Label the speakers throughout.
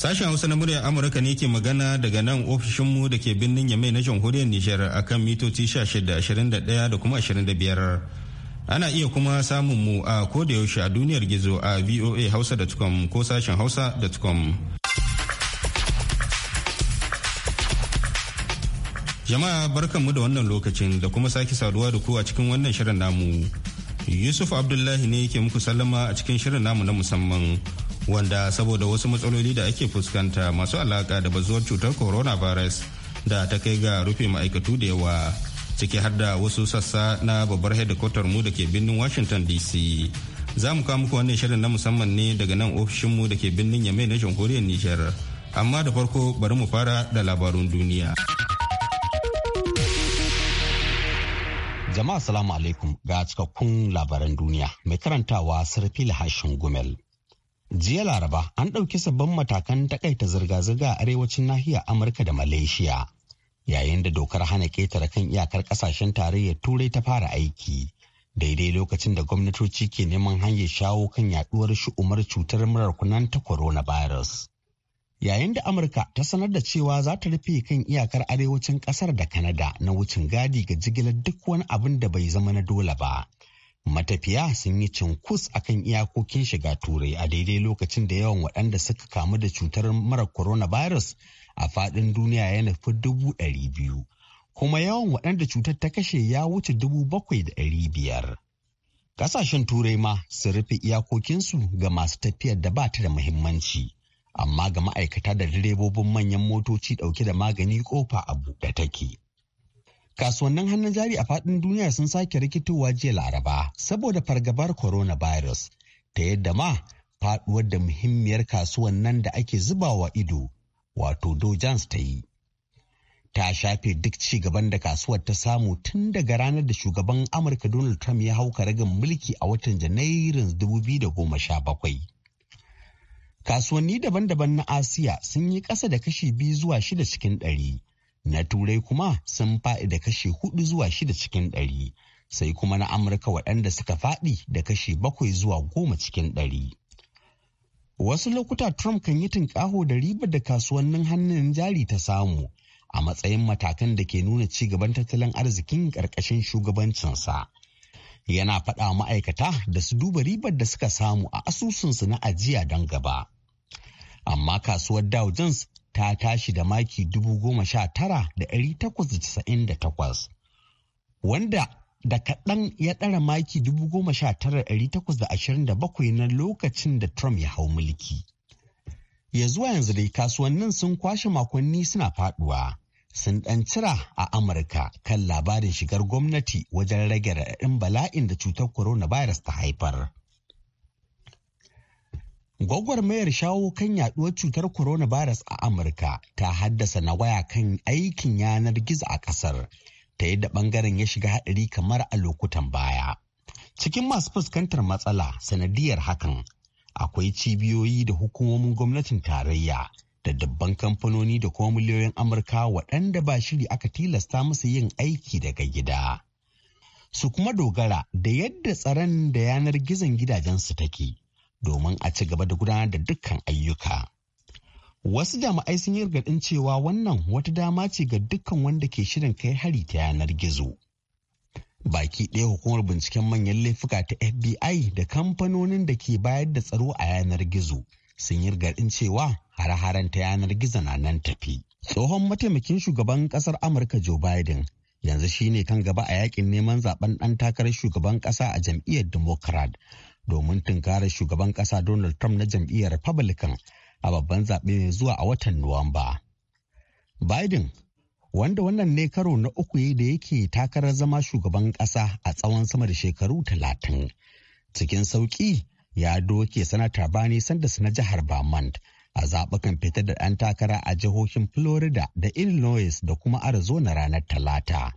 Speaker 1: Sashen Hausa na murya Amurka ne ke magana daga nan ofishinmu da ke birnin Yamai na jamhuriyar Nijar akan mitoci 1621 da kuma 25. Ana iya kuma samun mu a kodayaushe a duniyar gizo a voa tukom ko sashen hausa da tukom Jama'a barkanmu da wannan lokacin da kuma sake saduwa da ku a cikin wannan shirin namu. Yusuf Abdullahi ne ke muku sallama a cikin shirin namu na musamman. wanda saboda wasu matsaloli da ake fuskanta masu alaka da bazuwar cutar coronavirus da ta kai ga rufe ma'aikatu da yawa ciki har da wasu sassa na babbar hedikwatar mu da ke birnin washington dc za mu kawo muku wannan shirin na musamman ne daga nan ofishinmu da ke birnin yamai na jamhuriyar nijar amma da farko bari mu fara da labarun duniya jama'a salamu
Speaker 2: alaikum ga cikakkun labaran duniya mai karantawa sarfi hashin gumel jiya laraba an ɗauki sabbin matakan takaita zirga-zirga a arewacin nahiyar amurka da malaysia yayin da dokar hana ketare kan iyakar ƙasashen tarayyar turai ta fara aiki daidai lokacin da gwamnatoci ke neman hanyar shawo kan yaduwar shu'umar cutar murar kunan ta coronavirus yayin da amurka ta sanar da cewa za ta rufe kan iyakar arewacin kasar da kanada na wucin gadi ga jigilar duk wani abin da bai zama na dole ba Matafiya sun yi cinkus a kan iyakokin shiga turai a daidai lokacin da yawan waɗanda suka kamu da cutar mara coronavirus a faɗin duniya ya nufi dubu ɗari biyu. Kuma yawan waɗanda cutar ta kashe ya wuce dubu bakwai da ɗari biyar. Ƙasashen turai ma sun rufe iyakokinsu ga masu tafiyar da ba ta da muhimmanci. Amma ga ma'aikata da direbobin manyan motoci ɗauke da magani kofa a buɗe take. kasuwannin hannun jari a faɗin duniya sun sake rikitowa jiya laraba saboda fargabar coronavirus ta yadda ma faɗuwar da muhimmiyar kasuwan nan da ake zubawa ido wato Dow Jones ta yi. Ta shafe duk ci gaban da kasuwar ta samu tun daga ranar da shugaban Amurka Donald Trump ya hau karagan mulki a watan Janairun 2017. Kasuwanni daban-daban na Asiya sun yi ƙasa da kashi biyu zuwa shida cikin ɗari na turai kuma sun faɗi da kashe hudu zuwa shida cikin ɗari sai kuma na amurka waɗanda suka faɗi da kashe bakwai zuwa goma cikin ɗari wasu lokuta trump kan yi tunƙaho da ribar da kasuwannin hannun jari ta samu a matsayin matakan da ke nuna ci gaban tattalin arzikin ƙarƙashin shugabancinsa yana faɗa ma'aikata da su duba ribar da suka samu a asusunsu na ajiya don gaba amma kasuwar dow jones ta tashi da maki dubu goma da takwas wanda da kaɗan ya ɗara maki dubu goma sha tara na lokacin da Trump ya hau mulki. Ya zuwa yanzu dai kasuwannin sun kwashe makonni suna faɗuwa. sun ɗan cira a Amurka kan labarin shigar gwamnati wajen rage raɗaɗin bala'in da cutar coronavirus ta haifar. Gwagwarmayar shawo kan yaduwar cutar coronavirus a Amurka ta haddasa na waya kan aikin yanar gizo a kasar ta yadda bangaren ya shiga haɗari kamar a lokutan baya. Cikin masu fuskantar matsala sanadiyar hakan akwai cibiyoyi da hukumomin gwamnatin tarayya da dabban kamfanoni da kuma miliyoyin Amurka waɗanda ba shiri aka tilasta musu yin aiki daga gida. Su kuma dogara da yadda tsaron da yanar gizon gidajensu take. domin a ci gaba da gudanar da dukkan ayyuka. Wasu jami'ai sun yi gargaɗin cewa wannan wata dama ce ga dukkan wanda ke shirin kai hari ta yanar gizo. Baki ɗaya hukumar binciken manyan laifuka ta FBI da kamfanonin da ke bayar da tsaro a yanar gizo sun yi gargaɗin cewa hare-haren ta yanar gizo na nan tafi. Tsohon mataimakin shugaban ƙasar Amurka Joe Biden yanzu shine kan gaba a yakin neman zaben ɗan takarar shugaban ƙasa a jam'iyyar Democrat domin tunkarar shugaban ƙasa Donald Trump na jam'iyyar Republican a babban zaɓe mai zuwa a watan Nuwamba. Biden, wanda wannan ne karo na uku da yake takarar zama shugaban ƙasa a tsawon sama da shekaru talatin. Cikin sauƙi ya doke sanata Bernie Sanders na jihar Vermont a zaɓukan fitar da ɗan takara a jihohin Florida da Illinois da kuma Arizona ranar Talata.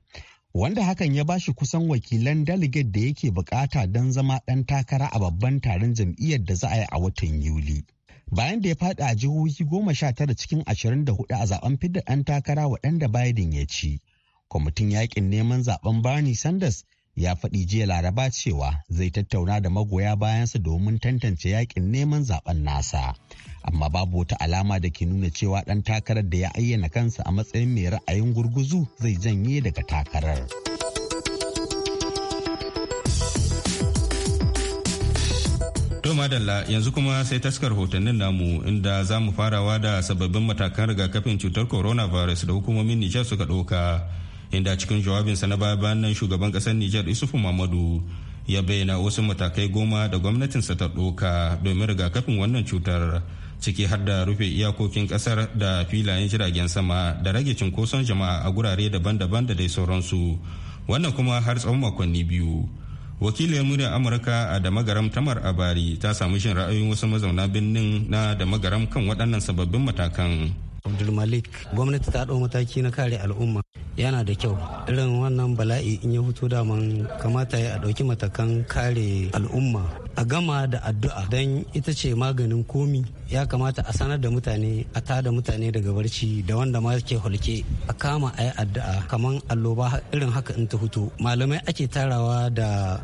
Speaker 2: wanda hakan ya bashi kusan wakilan delegate da yake bukata don zama ɗan takara a babban taron jam'iyyar da za a yi a watan Yuli. Bayan da ya faɗi a jihohi goma sha tara cikin ashirin da hudu a zaben fidda ɗan takara waɗanda Biden ya ci. Kwamitin yakin neman zaben Bernie Sanders ya faɗi jiya laraba cewa zai tattauna da magoya bayansa domin tantance yakin neman zaben nasa amma babu wata alama da ke nuna cewa ɗan takarar da ya ayyana kansa a matsayin mai ra'ayin gurguzu zai janye daga takarar
Speaker 1: madalla yanzu kuma sai taskar hotonnin namu inda za mu farawa da sababbin matakan rigakafin cutar coronavirus da hukumomin nijar suka ɗauka inda cikin jawabinsa na baya bayan nan shugaban kasar Nijar Isufu Muhammadu ya bayyana wasu matakai goma da gwamnatinsa ta ɗoka domin rigakafin wannan cutar ciki har da rufe iyakokin kasar da filayen jiragen sama da rage cinkoson jama'a a gurare daban-daban da dai sauransu wannan kuma har tsawon makonni biyu wakilin muryar amurka a damagaram tamar abari ta samu shin ra'ayoyin wasu mazauna birnin na da damagaram kan waɗannan sababbin matakan
Speaker 2: abdulmalik gwamnati ta ɗau mataki na kare al'umma yana da kyau irin wannan bala'i in ya fito dama kamata ya ɗauki matakan kare al'umma a gama da addu'a don ita ce maganin komi ya kamata a sanar da mutane a ta da mutane daga barci da wanda ma ke hulke a kama a yi addu'a kamar alloba irin haka in ta hutu malamai ake tarawa da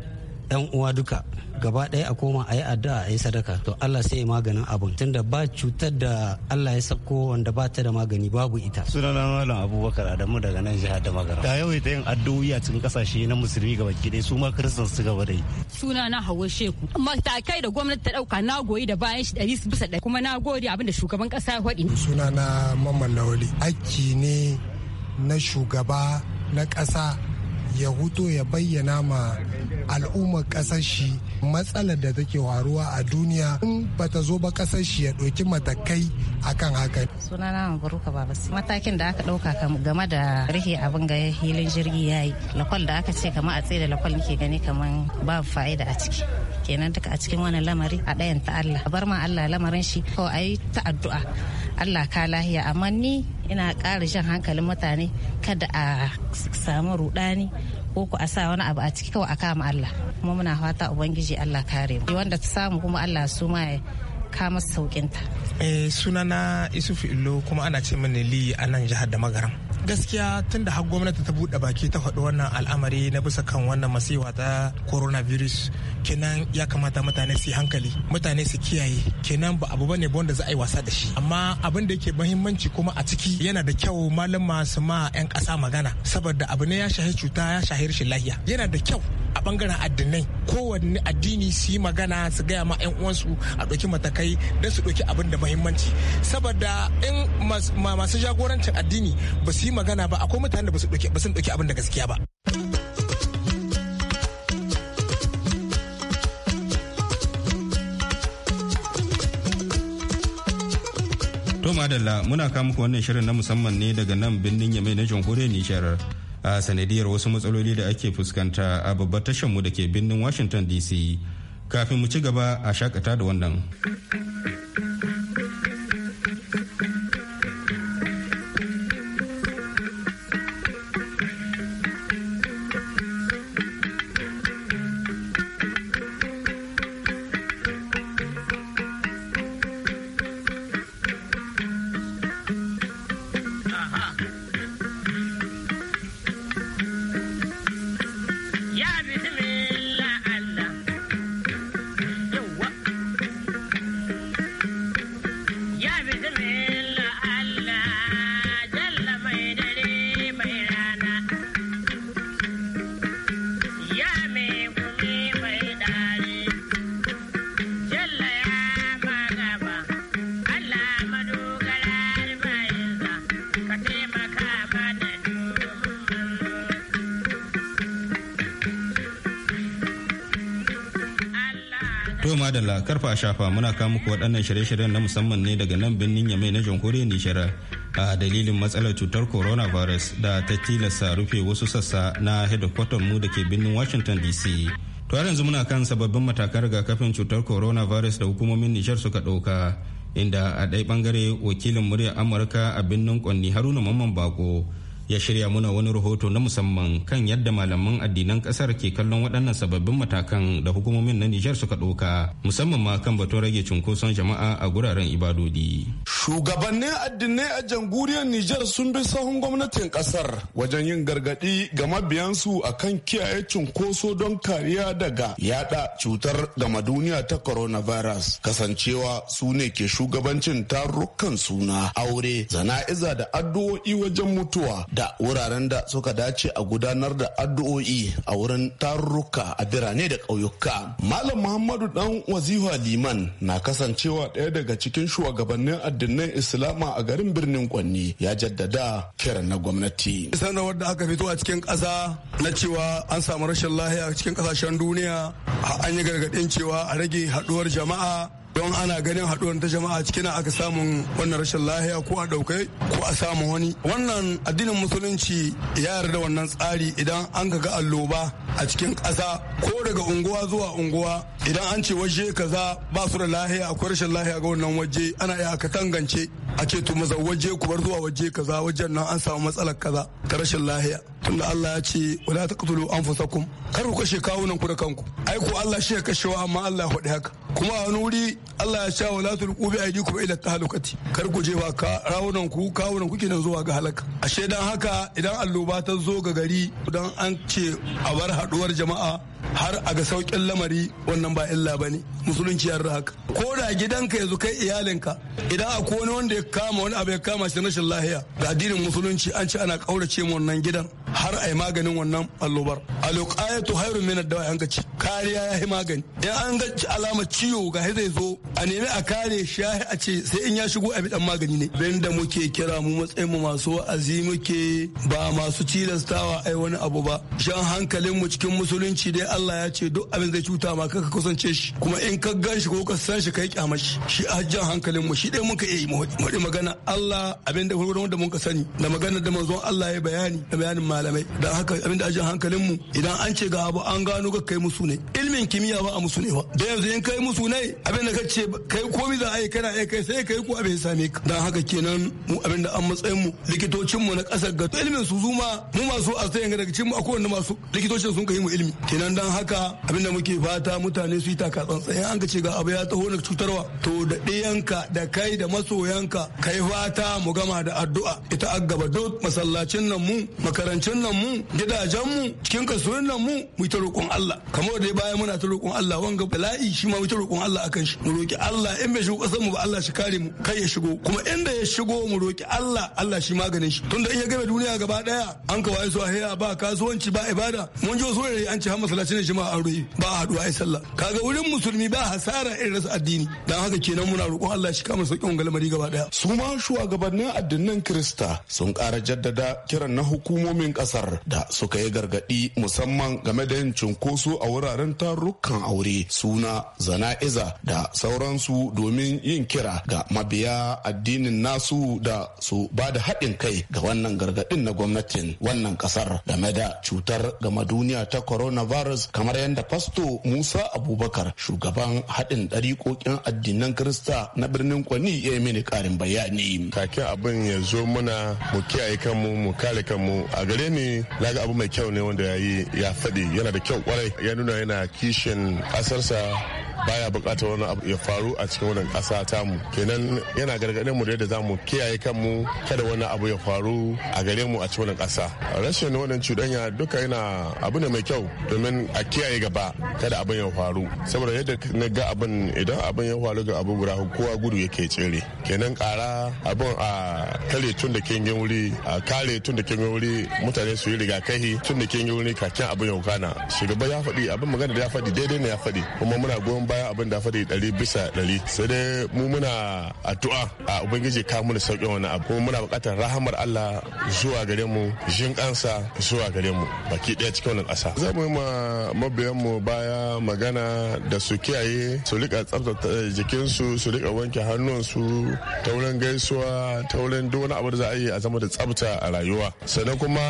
Speaker 2: 'yan uwa duka gaba ɗaya a koma a yi addu'a a yi sadaka to Allah sai ya maganin abun tunda ba cutar da Allah ya sako wanda ba ta da magani babu ita sunana
Speaker 3: malam abubakar adamu daga nan jihar da magara ta yau ta yin addu'o'i a cikin kasashe na musulmi gaba ki dai su ma
Speaker 4: kristan su gaba dai
Speaker 5: sunana hawa sheku matakai da gwamnati ta dauka na goyi da bayan shi ɗari bisa ɗaya. kuma na gode abin da shugaban kasa ya faɗi sunana
Speaker 4: mamman lawali aiki ne na shugaba na ƙasa ya huto ya bayyana ma al'ummar ƙasar shi matsalar da take waruwa a duniya in ba ta zo ba kasar shi ya ɗauki matakai akan haka.
Speaker 5: sunana buruka baba matakin da aka ɗauka game da rihe abin ga hilin jirgi ya yi lakwal da aka ce kama a tsaye da lakwal nake gani kamar ba fa'ida a ciki kenan duka a cikin wani lamari a ɗayan ta Allah bar ma Allah lamarin shi ko ayi ta addu'a Allah ka lahiya amma ni ina ƙara jan hankalin mutane kada a samu rudani ko ku a sa wani abu a ciki kawai a kama Allah kuma muna fata ubangiji Allah kare mu wanda ta samu kuma Allah su ma ya kama sauƙinta.
Speaker 1: eh sunana Isufu Illo kuma ana ce mini Li a nan jihar da magaram gaskiya tun da har gwamnati ta buɗe baki ta faɗi wannan al'amari na bisa kan wannan masiwa ta coronavirus kenan ya kamata mutane su yi hankali mutane su kiyaye kenan ba abu bane wanda za a yi wasa da shi amma abin da yake mahimmanci kuma a ciki yana da kyau malam su ma 'yan ƙasa magana saboda abu ne ya shahi cuta ya shahi rashin lahiya yana da kyau a bangaren addinai kowanne addini su yi magana su gaya ma 'yan uwansu a ɗauki matakai don su ɗauki abin da mahimmanci saboda in masu jagorancin addini ba su yi magana ba akwai mutane da ba su ɗauki abin da gaskiya ba. To madalla muna kawo wannan shirin na musamman ne daga nan birnin Yamai na jamhuriyar Nijar. a sanadiyar wasu matsaloli da ake fuskanta a babbar tashar mu da ke birnin washington dc kafin mu ci gaba a shakata da wannan. madalla karfa shafa muna kawo muku waɗannan shirye-shiryen na musamman ne daga nan birnin yamai na jamhuriyar nishara a dalilin matsalar cutar coronavirus da ta tilasta rufe wasu sassa na hedikwatar mu da ke birnin washington dc to yanzu muna kan sababbin matakan rigakafin cutar coronavirus da hukumomin nishar suka ɗauka inda a dai bangare wakilin muryar amurka a birnin kwanni haruna mamman bako ya shirya muna wani rahoto na musamman kan yadda malaman addinan kasar ke kallon waɗannan sababbin matakan da hukumomin na Nijar suka ɗauka musamman ma kan batun rage cunkoson jama'a a guraren ibadodi.
Speaker 6: Shugabannin addinai a jamhuriyar Nijar sun bi sahun gwamnatin kasar wajen yin gargaɗi ga mabiyansu akan kiyaye cunkoso don kariya daga yada cutar gama duniya ta coronavirus kasancewa su ne ke shugabancin tarukan suna aure zana'iza da addu'o'i wajen mutuwa da wuraren da suka dace a gudanar da addu'o'i a wurin tarurruka a birane da ƙauyuka. Malam Muhammadu dan Waziwa Liman na kasancewa ɗaya daga cikin shugabannin addinai Islama a garin birnin Kwanni ya jaddada kiran na gwamnati.
Speaker 7: Sanarwar da aka fito a cikin ƙasa na cewa an samu rashin lahiya cikin ƙasashen duniya an yi gargaɗin cewa a rage haɗuwar jama'a don ana ganin haɗuwar ta jama'a cikin aka samun wannan rashin lahiya ko a ɗaukai ko a samu wani wannan addinin musulunci ya yarda wannan tsari idan an ga alloba a cikin ƙasa ko daga unguwa zuwa unguwa idan an ce waje kaza ba su da lahiya akwai rashin lahiya ga wannan waje ana iya ka tangance a ce to maza waje ku bar zuwa waje kaza wajen nan an samu matsalar kaza ta rashin lahiya tunda Allah ya ce wala taqtulu anfusakum kar ku kashe kawunan ku da kanku ai ku Allah shi ya kashewa amma Allah ya faɗi haka kuma a wani wuri Allah ya sha wala tulqu bi aydikum ila tahlukati kar ku jefa ka rawunan ku kawunan ku kenan zuwa ga halaka ashe dan haka idan alloba ta zo ga gari dan an ce a bar haduwar jama'a har a ga sauƙin lamari wannan ba illa ba ne musulunci ya haka ko da gidanka yanzu kai iyalinka idan akwai wani wanda ya kama wani abu ya kama shi rashin lahiya ga addinin musulunci an ce ana ƙaurace mu wannan gidan har a yi maganin wannan allobar alokayatu hairun na dawa an gaci kariya ya yi magani Idan an ga alamar ciwo ga zai zo a nemi a kare shi ya a ce sai in ya shigo a bidan magani ne Abin da muke kira mu matsayin mu masu wa'azi muke ba masu tilastawa ai wani abu ba jan hankalin mu cikin musulunci dai Allah ya ce duk abin zai cuta ma ka kusance shi kuma in ka gan shi ko ka san shi yi kyama shi shi a jan hankalin mu shi dai muka yi mu magana Allah abin da da mun ka sani da magana da manzon Allah ya bayani da bayanin malamai don haka abin da ajin hankalin mu idan an ce ga abu an gano ga kai musu ne ilmin kimiyya ba a musu ne ba da yanzu in kai musu ne abin da kace kai komai za a yi kana iya kai sai kai ko abin same ka don haka kenan mu abin da an matsayin mu likitocin mu na kasar ga ilmin su zuma mu masu a tsayin daga cikin mu a kowanne masu likitocin sun kai mu ilmi kenan dan haka abin da muke fata mutane su yi taka tsantsan in an ka ce ga abu ya taho daga cutarwa to da ɗiyanka da kai da masoyanka kai fata mu gama da addu'a ita a gaba duk masallacin nan mu makarancin makarantun mu gidajen mu cikin kasuwan nan mu mu ta roƙon Allah kamar da baya muna ta roƙon Allah wanga bala'i shi ma mu ta roƙon Allah akan shi mu roƙi Allah in bai shigo kasar mu ba Allah shi kare mu kai ya shigo kuma inda ya shigo mu roƙi Allah Allah shi maganin shi tunda in ya game duniya gaba daya an kawai su a ba kasuwanci ba ibada mun ji wasu an ce har masallaci ne jama'a aure ba a haɗuwa ai sallah kaga wurin musulmi ba hasara irin rasa addini dan haka kenan muna roƙon Allah shi kama sauƙin lamari gaba daya
Speaker 6: su ma shugabannin addinan Kirista sun ƙara jaddada kiran na hukumomin kasar da suka yi gargadi musamman game da yin cunkoso a wuraren tarukan aure suna zana'iza da sauransu domin yin kira ga mabiya addinin nasu da su ba da haɗin kai ga wannan gargadin na gwamnatin wannan kasar game da cutar gama duniya ta coronavirus kamar yadda fasto musa abubakar shugaban haɗin ɗariƙoƙin addinan kirista
Speaker 4: na birnin kwani ya yi mini ƙarin bayani Kake abin ya zo muna mu kiyaye kanmu mu kare kanmu a gare ne na ga abu mai kyau ne wanda ya yi ya faɗi yana da kyau kwarai ya nuna yana kishin ƙasarsa baya bukatar wani abu ya faru a cikin wannan ta tamu kenan yana gargaɗin mu da yadda mu kiyaye kanmu kada wani abu ya faru a gare mu a cikin wannan kasa rashin wannan cuɗanya duka yana abu ne mai kyau domin a kiyaye gaba kada abin ya faru saboda yadda na ga abin idan abin ya faru ga abu guda kowa gudu yake tsere kenan kara abin a kare tun da kengin wuri a kare tun da kengin wuri mutane su yi kai tun da kengin wuri kakin abin ya kana shugaba ya faɗi abin magana da ya faɗi daidai ne ya faɗi kuma muna goyon bayan abin da faɗi dari bisa ɗari sai dai mu muna addu'a a ubangiji ka mu sauke sauƙin wani abu muna bukatar rahamar Allah zuwa gare mu jin kansa zuwa gare mu baki daya cikin wannan kasa Za mu yi ma mabiyan mu baya magana da su kiyaye su rika tsaftace jikinsu su rika wanke hannunsu ta wurin gaisuwa ta wurin duk wani abu da za a yi a zama da tsafta a rayuwa. Sannan kuma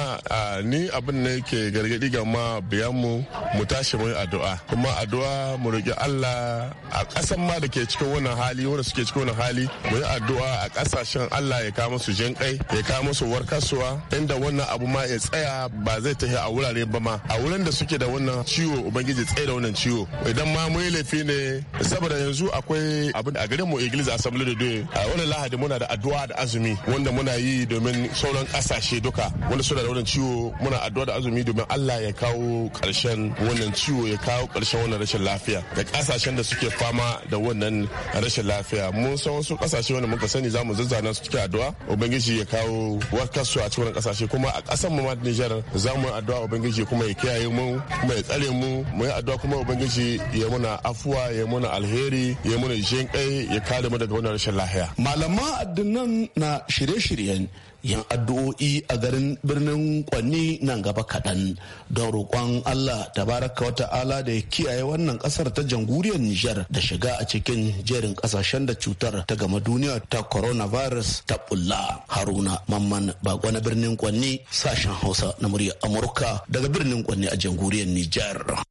Speaker 4: ni abin ne yake gargadi ga ma biyan mu mu tashi mu yi addu'a kuma addu'a mu roki Allah Allah a ƙasan ma da ke cikin wannan hali wanda suke cikin wannan hali mu yi addu'a a ƙasashen Allah ya kawo musu jin kai ya kawo musu warkaswa inda wannan abu ma ya tsaya ba zai tafi a wurare ba ma a wurin da suke da wannan ciwo ubangiji tsaye da wannan ciwo idan ma mu yi laifi ne saboda yanzu akwai abin a garin mu Iglis Assembly da a wannan Lahadi muna da addu'a da azumi wanda muna yi domin sauran ƙasashe duka wanda suna da wannan ciwo muna addu'a da azumi domin Allah ya kawo ƙarshen wannan ciwo ya kawo ƙarshen wannan rashin lafiya da ƙasa kasashen da suke fama da wannan rashin lafiya mun san wasu kasashe wanda muka sani zamu zazzana su cikin addu'a ubangiji ya kawo su a cikin wannan kasashe kuma a kasan mu ma Niger za mu addu'a ubangiji kuma ya kiyaye mu kuma ya tsare mu mu yi addu'a kuma ubangiji ya muna afuwa ya muna alheri ya muna jin kai ya kare mu daga wannan rashin lafiya
Speaker 6: malaman addinan na shirye-shiryen yin addu'o'i a garin birnin kwanni nan gaba kaɗan don roƙon Allah ta baraka wata ala da ya kiyaye wannan ƙasar ta janguriyar Nijar da shiga a cikin jerin ƙasashen da cutar ta gama duniya ta coronavirus ta bulla Haruna Mamman Bako na birnin kwanni sashen Hausa na muryar Amurka daga birnin kwanni a janguriyar Nijar.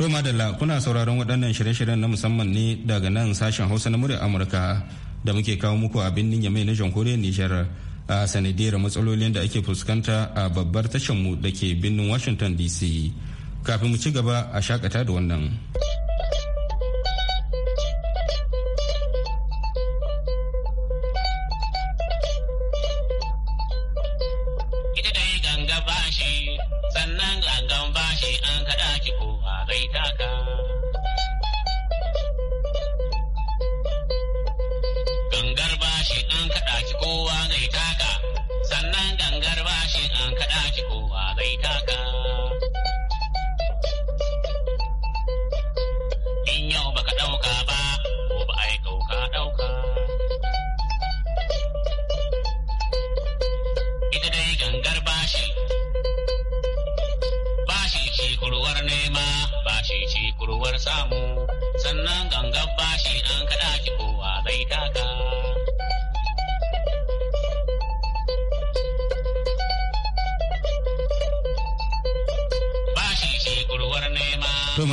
Speaker 1: To Madalla kuna sauraron waɗannan shirye-shiryen na musamman ne daga nan sashen Hausa na muryar Amurka da muke kawo muku a birnin Yamai na jamhuriyar Nijar a sanadiyar matsalolin da ake fuskanta a babbar mu da ke birnin Washington DC. Kafin mu ci gaba a shakata da wannan.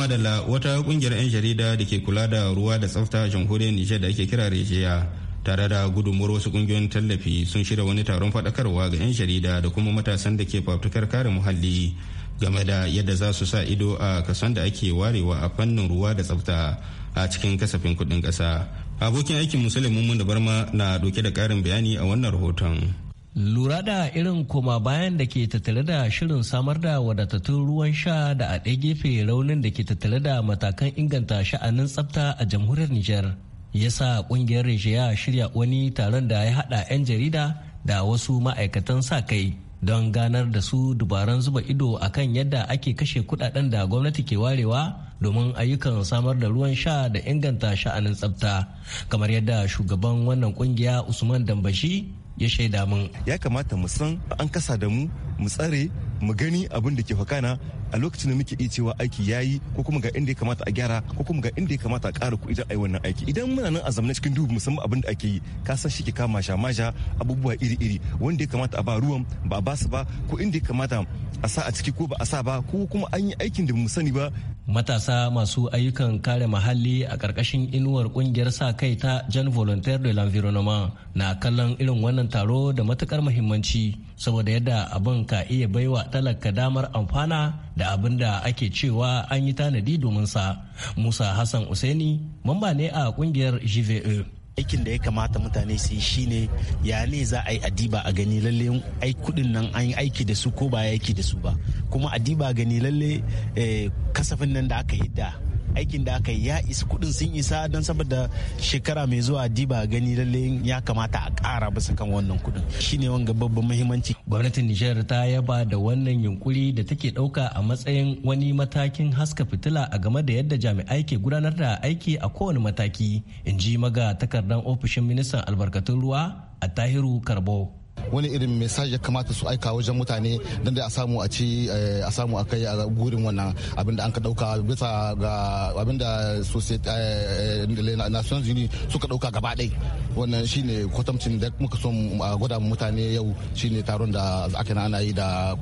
Speaker 1: Madala wata kungiyar 'yan jarida da ke kula da ruwa da tsafta jamhuriyar nijar da ake kira rejiya tare da gudunmuwar wasu kungiyoyin tallafi sun shirya wani taron faɗakarwa ga 'yan jarida da kuma matasan da ke fafutukar kare muhalli game da yadda za su sa ido a kason da ake warewa a fannin ruwa da tsafta a cikin kasafin kuɗin ƙasa abokin aikin musulmin mun da barma na ɗauke da ƙarin bayani a wannan rahoton.
Speaker 3: lura da irin koma bayan da ke tattale da shirin samar da wadatattun ruwan sha da a ɗaya gefe raunin da ke tattale da matakan inganta sha'anin tsafta a jamhuriyar nijar ya sa ƙungiyar rishiya shirya wani taron da ya haɗa 'yan jarida da wasu ma'aikatan sa kai don ganar da su dubaran zuba ido a kan yadda ake kashe kudaden da gwamnati ke warewa domin ayyukan samar da ruwan sha da inganta sha'anin tsafta kamar yadda shugaban wannan
Speaker 7: kungiya usman dambashi ya shaida mun ya kamata mu san an kasa da mu mu tsare mu gani abin da ke fakana a lokacin da muke iya cewa aiki ya yi ko kuma ga inda ya kamata a gyara ko kuma ga inda ya kamata a ƙara kuɗi don a yi wannan aiki idan muna nan a zamanin cikin dubu musamman abin da ake yi ka san shi ke kama masha masha abubuwa iri-iri wanda ya kamata a ba ruwan ba a basu su ba ko inda ya kamata a sa a ciki ko ba a sa ba ko kuma an yi aikin da mu sani ba matasa
Speaker 3: masu ayyukan kare muhalli a ƙarƙashin inuwar ƙungiyar sa kai ta jan volontaire de l'environnement na kallon irin wannan taro da matukar muhimmanci saboda yadda abin ka iya baiwa talaka damar amfana da abin da ake cewa an yi tanadi domin sa musa hassan usaini mamba ne a kungiyar jve aikin da ya kamata mutane su yi shine ya ne za a yi adiba a gani lalle ai kudin nan an yi aiki da su ko ba aiki da su ba kuma adiba gani lalle eh, kasafin nan da aka yi da. aikin da aka yi ya isa kudin sun isa don saboda shekara mai zuwa diba gani lalle ya kamata a kara bisa kan wannan kudin shine wanga babban muhimmanci gwamnatin nijar ta yaba da wannan yunkuri da take dauka a matsayin wani matakin haska fitila a game da yadda jami'ai ke gudanar da aiki a kowane mataki in ji maga takardar ofishin ministan
Speaker 6: albarkatun ruwa a tahiru karbo wani irin message ya kamata su aika wajen mutane don da a samu a ci eh, a samu a kai a gurin wannan abin da an ka dauka bisa ga abin da eh, eh, nations union suka dauka gaba ɗai wannan shine kwatamcin da muka son a gwada mutane yau shine taron da ake na ana yi da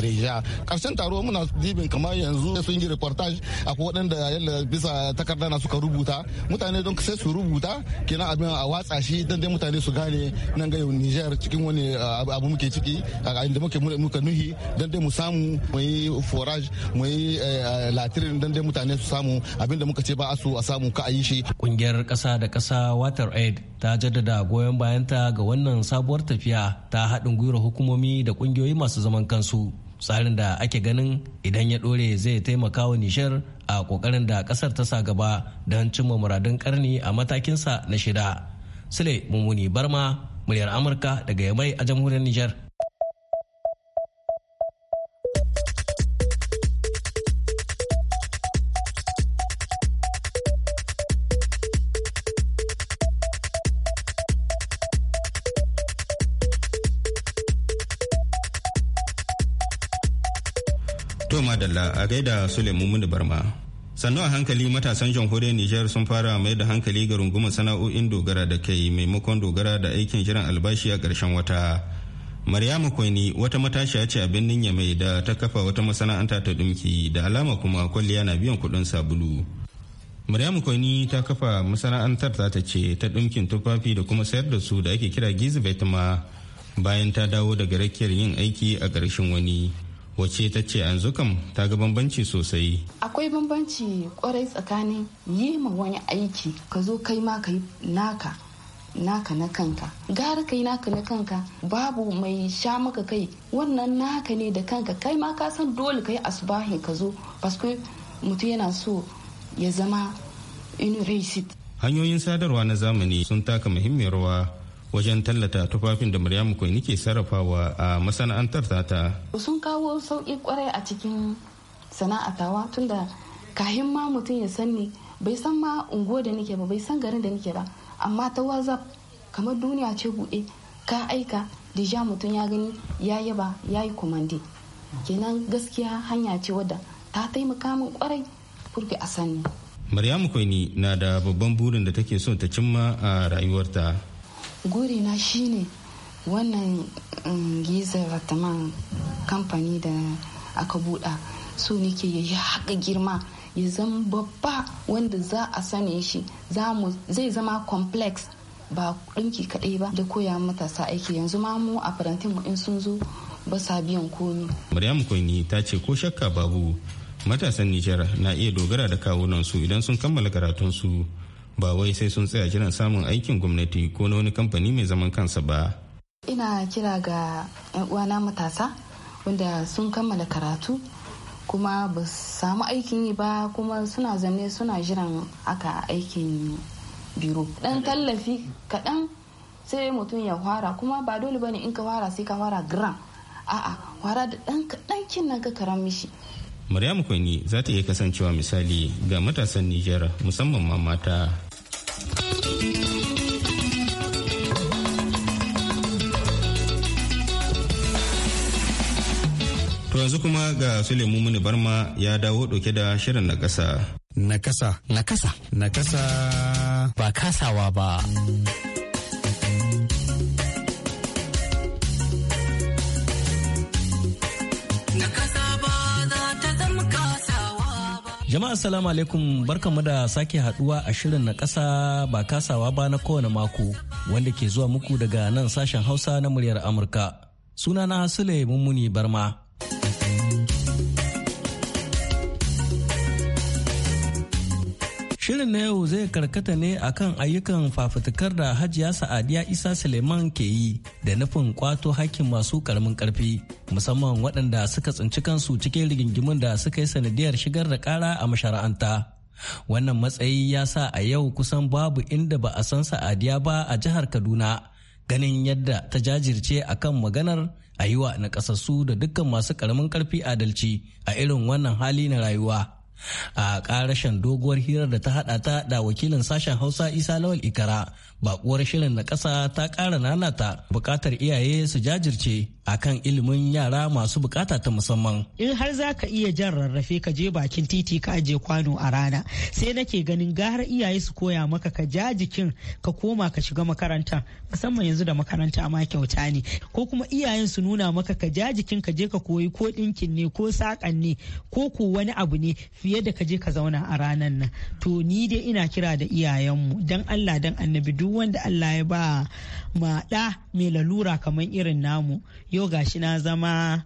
Speaker 6: reja karshen taro muna dibin kamar yanzu sun yi reportage akwai waɗanda yalla bisa takarda na suka rubuta mutane don sai su rubuta kenan abin a watsa shi don dai mutane su gane nan ga yau niger cikin wani ah, abu muke ciki a inda muke muka nuhi dan dai mu samu mu yi forage mu yi dan dai mutane su samu abinda muka ce ba a su a samu ka a yi shi
Speaker 3: kungiyar kasa da kasa water aid ta jaddada goyon bayanta ga wannan sabuwar tafiya ta haɗin gwiwar hukumomi da kungiyoyi masu zaman kansu tsarin da ake ganin idan ya ɗore zai taimaka wa nishar a kokarin da kasar ta sa gaba don cimma muradun karni a matakinsa na shida sule mummuni barma muryar amurka daga yamai a jamhuriyar nijar.
Speaker 1: To madalla a gaida Suleiman Muni Barma. sannu a hankali matasan jamhuriyar nijar sun fara mai da hankali ga rungumar sana'o'in dogara da kai maimakon dogara da aikin jiran albashi a karshen wata maryamu kwaini wata matashiya ce a birnin yamai da ta kafa wata masana'anta ta dumki da alama kuma kwalliya na biyan kudin sabulu Maryamu kwaini ta kafa masana'antar ta ta ce ta ɗinkin tufafi da kuma sayar da su da ake kira Gizi Betma bayan ta dawo daga rakiyar yin aiki a ƙarshen wani. wacce ta ce yanzu kam ta ga bambanci sosai
Speaker 5: akwai bambanci kwarai tsakanin yi ma wani aiki ka zo kai ma ka yi naka naka na kanka gara kai naka na kanka babu mai sha maka kai wannan naka ne da kanka kai ma ka san dole kai asubahin ka zo paske mutum yana so ya zama in
Speaker 1: hanyoyin sadarwa na zamani sun taka muhimmiyar rawa wajen tallata tufafin da Maryamu Kwaini ke sarrafawa a masana'antar ta.
Speaker 5: Sun kawo sauƙi kwarai a cikin sana'atawa tunda kahin ma mutum ya san sanni bai san ma unguwa da nake ba bai san garin da nake ba amma ta WhatsApp kamar duniya ce buɗe ka aika dija mutum ya gani ya yaba ya yi kumande kenan gaskiya hanya ce wadda ta taimaka min kwarai furke a sani.
Speaker 1: Maryamu Kwaini na da babban burin da take son ta cimma a rayuwarta.
Speaker 5: gorina shine wannan um, gizar rataman kamfani da aka buɗa so nake ya yi haka girma ya zama babba wanda za a sane shi zai zama complex ba ɗinki kaɗai ba da koya matasa aiki yanzu ma mu a mu in sun zo ba sa biyan komi.
Speaker 1: Maryam Koini ta ce ko shakka babu matasan Nijar na iya dogara da kawunan su idan sun kammala karatunsu ba wai sai sun tsaya kiran samun aikin gwamnati ko na wani kamfani mai zaman kansa ba
Speaker 5: ina kira ga 'yan uwana matasa wanda sun kammala karatu kuma ba samu aikin yi ba kuma suna zane suna jiran aka aikin biro dan tallafi kaɗan sai mutum ya fara kuma ba dole bane in ka fara sai ka fara gram a'a fara da dan kaɗan kin nan ka karan mishi
Speaker 1: Maryam Kwani za ta iya kasancewa misali ga matasan Nijar musamman ma mata. To yanzu kuma ga sulemu muni Barma ya dawo ɗauke da shirin na ƙasa.
Speaker 2: Na ƙasa. Na ƙasa. Na ƙasa. Ba kasawa
Speaker 1: ba.
Speaker 5: Na ƙasa.
Speaker 3: Jama'a salamu alaikum barkamu da sake haduwa a shirin na kasa ba kasawa ba na kowane mako wanda ke zuwa muku daga nan sashen Hausa na muryar Amurka. Sunana Sule Mummuni Barma. Shirin na yau zai karkata ne akan ayyukan fafutukar da Hajiya Sa'adiya Isa Suleiman ke yi da nufin kwato hakkin masu karamin karfi musamman waɗanda suka tsinci kansu cikin rigingimun da suka yi sanadiyar shigar da kara a mashara'anta. Wannan matsayi ya sa a yau kusan babu inda ba a san Sa'adiya ba a jihar Kaduna ganin yadda ta jajirce akan maganar a yi wa nakasassu da dukkan masu karamin karfi adalci a irin wannan hali na rayuwa. a ƙarashen doguwar hirar da ta hada ta da wakilin sashen hausa isa lawal ikara bakuwar shirin na ƙasa ta ƙara nanata bukatar iyaye su jajirce a kan ilimin yara masu bukata ta musamman
Speaker 8: in har za ka iya jan rarrafe ka je bakin titi ka aje kwano a rana sai nake ganin gahar iyaye su koya maka ka ja ka koma ka shiga makaranta musamman yanzu da makaranta ma kyauta ne ko kuma iyayen su nuna maka ka ja ka je ka koyi ko ɗinkin ne ko saƙan ne ko ko wani abu ne fiye da ka je ka zauna a ranar nan to ni dai ina kira da iyayenmu dan Allah dan annabi duk wanda Allah ya ba maɗa mai lalura kamar irin namu yau gashi na zama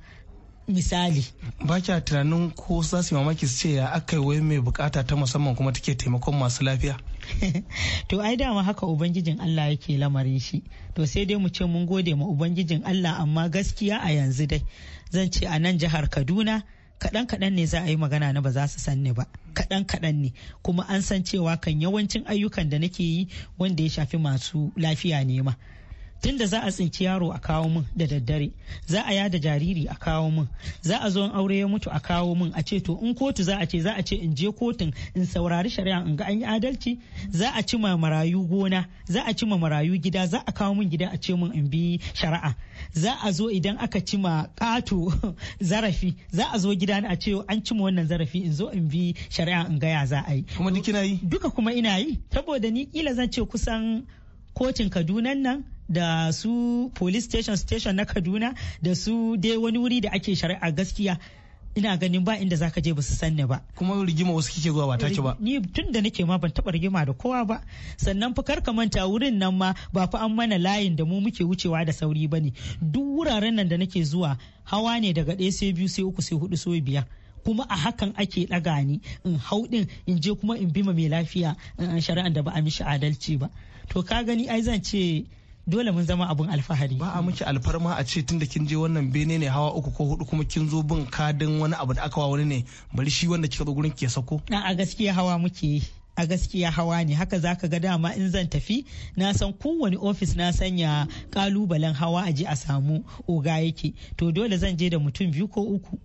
Speaker 8: misali. Ba kya tunanin ko za su mamaki su ce ya aka wai mai bukata ta
Speaker 3: musamman kuma take taimakon masu lafiya?
Speaker 8: to ai dama haka Ubangijin Allah yake lamarin shi. To sai dai mu ce mun gode ma Ubangijin Allah amma gaskiya a yanzu dai. Zan ce a nan jihar Kaduna kaɗan kaɗan ne za a yi magana na ba za su san ni ba kaɗan kaɗan ne kuma an san cewa kan yawancin ayyukan da nake yi wanda ya shafi masu lafiya ne ma tun da za a tsinci yaro a kawo min da daddare za a yada jariri a kawo min za a zo in aure ya mutu a kawo min a ce to in kotu za a ce za a ce in je kotun in saurari shari'a in ga an yi adalci za a ci ma marayu gona za a ci ma marayu gida za a kawo min gida a ce min in bi shari'a za a zo idan aka ci ma kato zarafi za a zo gida a ce an ci ma wannan zarafi in zo in bi shari'a in ga ya za a yi kuma duka kuma ina yi saboda ni kila zan ce kusan kotun kadunan nan da su police station station na kaduna da su dai wani wuri da ake shari'a gaskiya ina ganin ba inda zaka je ba su sanni ba kuma rigima wasu kike zuwa ba take ba ni tun da nake ma ban taba rigima da kowa ba sannan fa kar ka manta wurin nan ma ba fa an mana layin da mu muke wucewa da sauri bane duk wuraren nan da nake zuwa hawa ne daga ɗaya sai biyu sai uku sai hudu sai biyar kuma a hakan ake ɗaga ni in hau ɗin in je kuma in bima mai lafiya shari'an da ba a mishi adalci ba to ka gani ai zan ce dole mun zama abun alfahari ba a miki
Speaker 7: alfarma a ce tunda kin je wannan bene ne
Speaker 8: hawa uku ko hudu kuma kin zo bin kadin wani abu da aka wa wani ne bari shi wanda kika zo gurin ke sako na a gaskiya hawa muke a gaskiya hawa ne haka zaka ga dama in zan tafi na san kowane ofis na sanya kalubalen hawa a je a samu oga yake to dole zan je da mutum biyu ko uku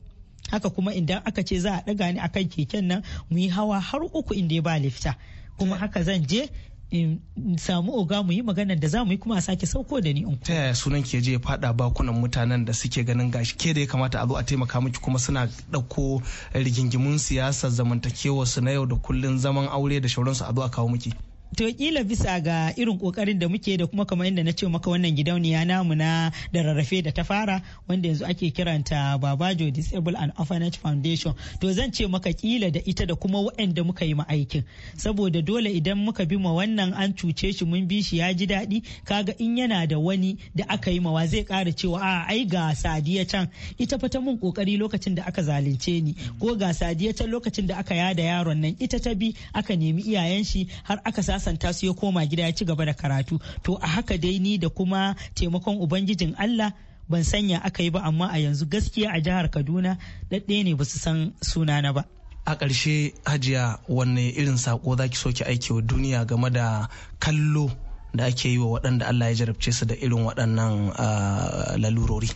Speaker 8: haka kuma idan aka ce za a ɗaga ni akan keken nan mu yi hawa har uku inda ya ba lifta kuma haka zan je in samu oga mu yi magana da za mu yi kuma a sake sauko da ni
Speaker 3: ta yaya sunan ke je ya fada bakunan mutanen da suke ganin gashi ke da ya kamata a zo a taimaka miki kuma suna ɗauko rigingimun siyasa zamantakewa su na yau da kullun zaman aure da shauransu a zo a kawo miki
Speaker 8: to kila bisa ga irin kokarin da muke da kuma kamar inda na ce maka wannan gidauniya namu na da rarrafe da ta fara wanda yanzu ake kiranta babajo disable and orphanage foundation to zan ce maka kila da ita da kuma waɗanda muka yi aikin saboda dole idan muka bi ma wannan an cuce shi mun bi shi ya ji daɗi kaga in yana da wani da aka yi mawa zai ƙara cewa a ai ga sadiya can ita fa ta mun kokari lokacin da aka zalunce ni ko ga sadiya can lokacin da aka yada yaron nan ita ta bi aka nemi iyayen shi har aka sa sasanta su ya koma gida ya ci gaba da karatu to a haka dai ni da kuma taimakon ubangijin Allah ban sanya aka yi ba amma a yanzu gaskiya a jihar Kaduna ɗaɗɗe ne ba su san na ba. a ƙarshe hajiya wanne irin sako zaki ki so ki aike wa duniya game da kallo da ake yi wa waɗanda Allah
Speaker 3: ya jarabce su da irin waɗannan ah, lalurori.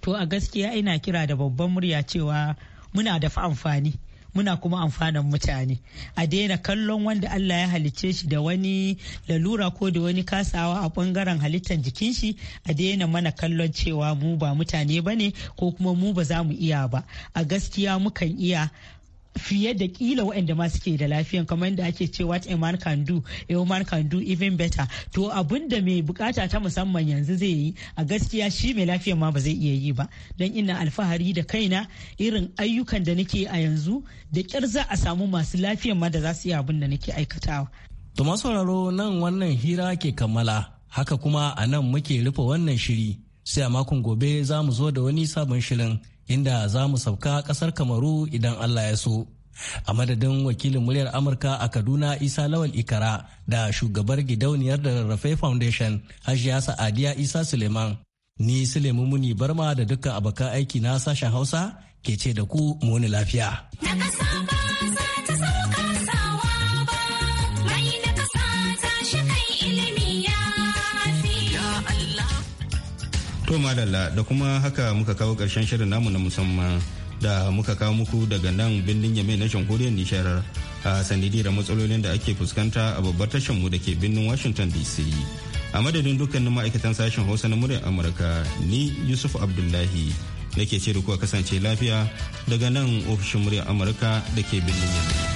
Speaker 8: To a gaskiya ina kira da babban murya cewa muna da amfani. muna kuma amfanan mutane a daina kallon wanda Allah ya halicce shi da wani lalura ko da wani kasawa a bangaren halittar jikin shi a daina mana kallon cewa mu ba mutane bane ko kuma mu ba za mu iya ba a gaskiya mukan iya fiye da kila waɗanda ma suke da lafiyan kamar yadda ake ce what a man can do a woman can do even better to abin da mai bukata ta musamman yanzu zai yi a gaskiya shi mai lafiyan ma ba zai iya yi ba don ina alfahari da kaina irin ayyukan da nake a yanzu da kyar za a samu masu lafiyan ma da za su yi abin da nake aikatawa.
Speaker 3: To masu nan wannan hira ke kammala haka kuma a nan muke rufe wannan shiri sai a makon gobe za mu zo da wani sabon shirin inda za mu sauka kasar kamaru idan allah ya so a madadin wakilin muryar amurka a kaduna isa lawal ikara da shugabar gidauniyar da rarrafe foundation hajiya sa'adiya isa suleiman ni sulemu muni barma da dukkan abokan aiki na sashen hausa ke ce da ku muni lafiya.
Speaker 1: To malalla da kuma haka muka kawo ƙarshen shirin namu na musamman da muka kawo muku daga nan birnin Yamai na jamhuriyar Nishar a sanidiyar matsalolin da ake fuskanta a babbar tashar mu da ke birnin Washington DC. A madadin dukkanin ma'aikatan sashen Hausa na muryar Amurka ni Yusuf Abdullahi nake ce da kuwa kasance lafiya daga nan ofishin muryar Amurka da ke birnin Yamai.